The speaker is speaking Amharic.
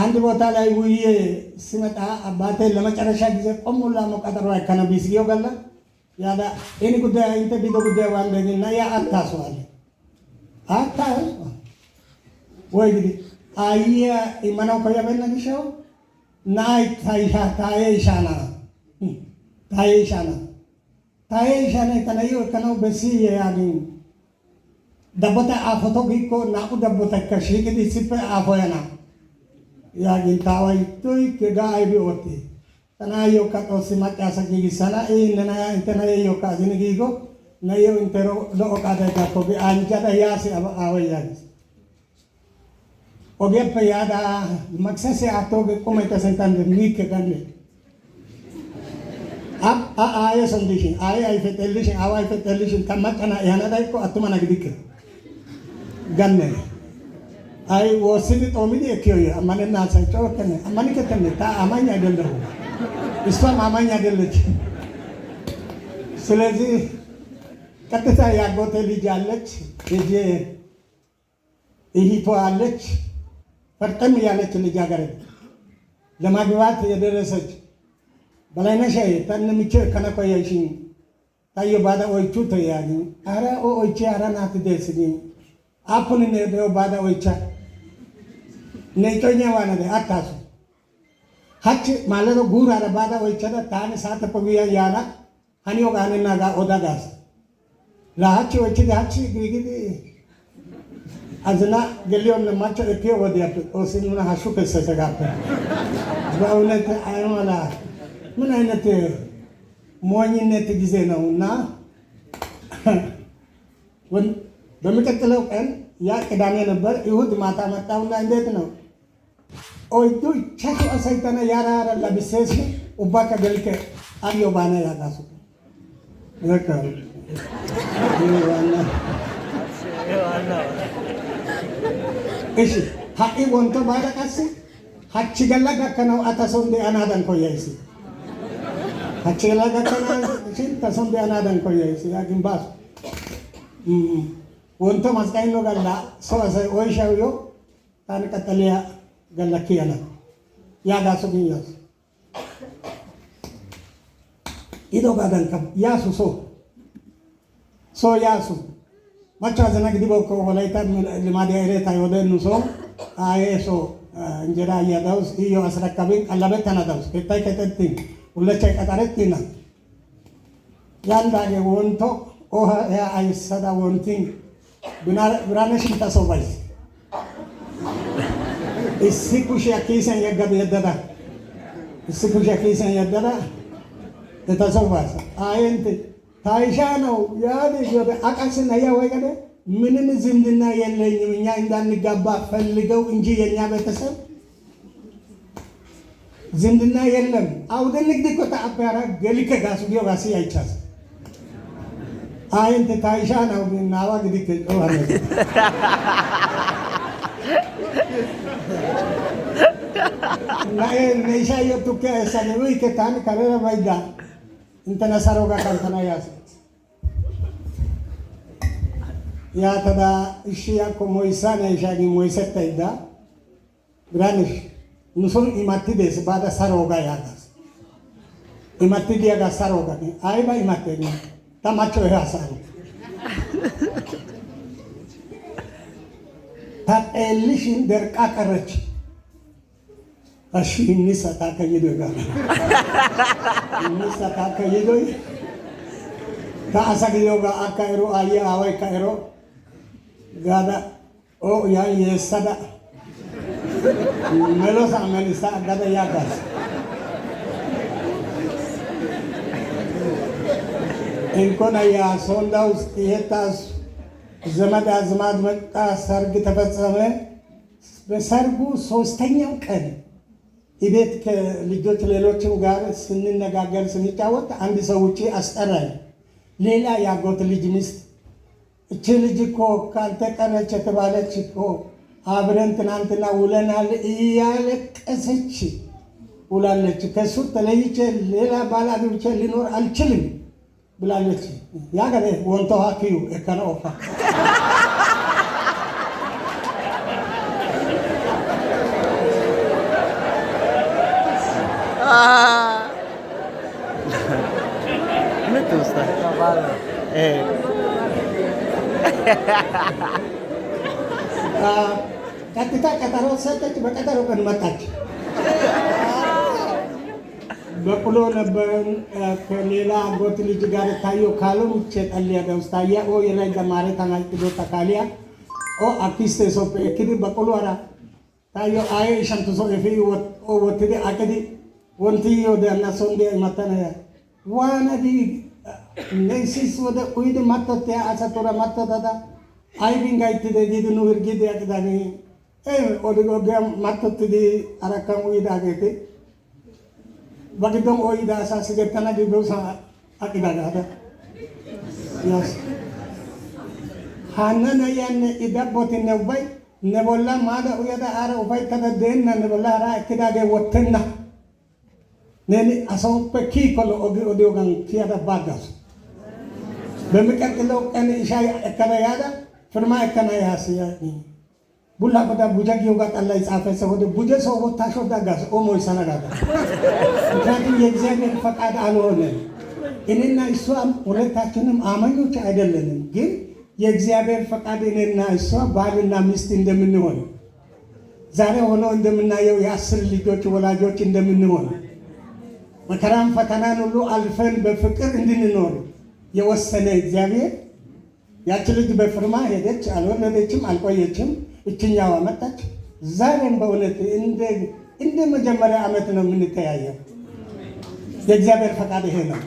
አንድ ቦታ ላይ ውዬ ስመጣ አባቴ ለመጨረሻ ጊዜ ቆሙላ ነው መቀጠሮ አይከነብ ስጌው ገለ ያዳ ይህን ጉዳይ አይንተ ቢዶ ጉዳይ ዋለኝና ያ አታስዋለ አታ ወይ እንግዲህ አየ ይመናው ከየበለግሸው ናይ ታይሻ ታየ ይሻና ታየ ይሻና ታየ ይሻና ተነዩ ከነው በሲ ያኒ ደቦታ አፎቶ ቢኮ ናቁ ደቦታ ከሽግዲ ሲፈ አፎ ያና ಇದಾಗಿಂತಾವ ಇತ್ತು ಕಿಡ ಐಬಿ ಓದ್ತಿ ತನ ಯೋಕ ತೋಸಿ ಮತ್ತೆ ಆಸಕ್ತಿಗೆ ಸಲ ಈ ನನ್ನ ಇಂತನ ಯೋಕ ಅದಿನಗೀಗೋ ನಯ್ಯೋ ಇಂತರೋ ಲೋಕ ಅದಕ್ಕೆ ಹೋಗಿ ಅಂಜದ ಯಾಸಿ ಅವ ಅವಯ್ಯಾಗಿ ಹೋಗಿ ಯಾದ ಮಕ್ಸಸೆ ಆತೋಗಿ ಕುಮೈತಸ್ ಅಂತಂದ್ರೆ ನೀಕೆ ಕಣ್ಣೆ Ab a ayo sandishin, ayo ay fetelishin, awa ay fetelishin, kamat ana yana dai ko atuma na gidike. Ganne. አይ ወስድ ጦሚድ የኪዮ አማንናሳቸው ከነ አማን ከተነ ታ አማኝ አይደለሁም፣ እሷም አማኝ አይደለች። ስለዚህ ቀጥታ ያጎቴ ልጅ አለች ልጅ እህቷ አለች፣ ፈርጠም ያለች ልጃገረድ ለማግባት የደረሰች በላይነሻዬ ተንምቼ ከነቆየሽኝ ታየ ባዳ ኦይቹ ተያኝ አረ ኦይቼ አረ ናት ደስኝ አፑን ደ ባዳ ኦይቻ નહીતોય વાળા ને આઠ થશે હચ માલે તો ગુર આરે બાધા હોય છે તાને સાત પગિયા યારા હનિયો ગાને ના ગા ઓદા ગાસ લા હચ હોય છે હચ ગીગી આજના ગેલ્યો ને મચ કેવો વધ્યા તો ઓસિન મને હાસુ કૈસે છે ગાતે બાવને તે આયોલા મને એને તે મોઈન ને તે ગીઝે ના ઉના વન በመቀጥለው ቀን ያ ቅዳሜ ነበር። ይሁድ ማታ መጣውና እንዴት ነው oyddu ichchashu asaytana yaara haara labissees ubbakka gelke ayyo baana yaagaasu በቃ እሺ ሀቂ ወንቶ ባለቀስ ሀቺ ገላ ገከነው አተሶንዴ አናደን ኮያይሲ ሀቺ ገላ ገከነ ተሶንዴ አናደን ኮያይሲ አግንባሱ ወንቶ ማስቃኝ ነው ገላ ሰው ሰ ወይሻውዮ ታን ቀጠልያ ਗੱਲਾਂ ਕੀ ਆਲਾ ਯਾ ਦੱਸ ਵੀ ਯਾ ಇದೋ ಕಾದಂತ ಯಾಸು ಸೋ ಸೋ ಯಾಸು ಮಚ್ಚ ಜನಗದಿ ಬೋಕೋ ಹೊಲೈತ ಲಿಮಾದಿ ಐರೇತ ಯೋದೆನು ಸೋ ಆಯೇ ಸೋ እንጀራ እያዳውስ iyo አስረካቢ ቀለበት ተናዳውስ ከታይ ከተቲ ሁለቻ ቀጣረት ቲና ያንዳገ ወንቶ ኦሃ ያ አይሰዳ ወንቲ ብራነሽን ተሰባይ issi kushiyaa kiisen yeggada yeddada issi kushiyaa kiisen yeddada etasawu baasa ነው ያለች ወደ አቃስ ነያ ምንም ዝምድና የለኝም እኛ እንዳንጋባ ፈልገው እንጂ የእኛ ቤተሰብ ዝምድና የለም። አውደ ንግድ እኮ ተአባራ ገሊከ ጋሱ ዲዮ አይቻስ አይንት ታይሻ ነው ናዋ ግዲክ ኦሃለ ላይሻየቱከ ሰሜኑ ይከታን ከበበ ባይዳ እንተነሰሮጋ ካንተና ያሰት ያተዳ እሺ ያኮ ሞይሳን ያይሻኒ ሞይሰት ታይዳ ብራንሽ ንሱን ኢማቲዴስ ባዳ ሰሮጋ ያጋስ ኢማቲዲያጋ ሰሮጋ አይባ ኢማቴኒ ተማቸው ያሳሩ ታጠየልሽን ደርቃ ቀረች። እሺ እንሰታ ከይዶ ጋር እንሰታ ከይዶ ከአሰግዮ ጋር አካይሮ አየ አዋይ ካይሮ ጋዳ ኦ ያ የሰዳ መሎሳ መልሳ ጋዳ ያጋስ እንኮና ያ ሶንዳ ውስጥ የታስ ዘመድ አዝማድ መጣ፣ ሰርግ ተፈጸመ። በሰርጉ ሶስተኛው ቀን ቤት ከልጆች ሌሎችም ጋር ስንነጋገር ስንጫወት አንድ ሰው ውጪ አስጠራኝ። ሌላ ያጎት ልጅ ሚስት እቺ ልጅ እኮ ካልተቀረች የተባለች እኮ አብረን ትናንትና ውለናል እያለቀሰች ውላለች። ከሱ ተለይቼ ሌላ ባል ሊኖር አልችልም Bila ci. Ja ga ne, on to hakiju, e kana opa. Ah. É. Ah, kita kata rosa, kita cuma kata rokan በቅሎ ነበረን ከሌላ ጎት ልጅ ጋር ታየው ካለ ውቼ ጠልያ ደውስታያ ኦ የላይ ማሬ ተናጭዶ ተካልያ ኦ አክስቴ ሶፕ እክድ በቅሎ አራ ታዮ አይ ሸምቱ ሶ ፊ ወትድ አቅድ ወንቲ ወደ እነሱ እንዲ መተነ ዋነዲ ነሲስ ወደ ኩይድ መተት አሰቶረ መተታታ አይ ቢንጋይትደ ዲድ ኑር ጊድ ያቅዳኒ ኦድጎጋ መተትዲ አረካም ውይድ አገቴ Bagidong o ida sa sigatan na dito sa akidagada. Yes. Hana na yan ida botin na ubay. Nebolla mada uyada ara ubay kada den na nebolla ara akidage wotten na. Neni asong pe kikolo odi odi ogang kiyada bagas. በሚቀጥለው ቀን ኢሻ እከናያዳ ፍርማ እከናያስያ ቡላ በጋ ቡጃ ጊዮጋ ጠላ ይጻፈ ሰው ቡጀ ሰው ወታ ሾዳ ጋስ ኦሞ ይሰናዳል። ምክንያቱም የእግዚአብሔር ፈቃድ አልሆነ። እኔና እሷም ሁለታችንም አማኞች አይደለንም፣ ግን የእግዚአብሔር ፈቃድ እኔና እሷ ባልና ሚስት እንደምንሆን ዛሬ ሆኖ እንደምናየው የአስር ልጆች ወላጆች እንደምንሆን መከራም ፈተናን ሁሉ አልፈን በፍቅር እንድንኖር የወሰነ እግዚአብሔር ያች ልጅ በፍርማ ሄደች፣ አልወለደችም፣ አልቆየችም። እችኛዋ መጣች። ዛሬም በእውነት እንደ መጀመሪያ ዓመት ነው የምንተያየው። የእግዚአብሔር ፈቃድ ይሄ ነው።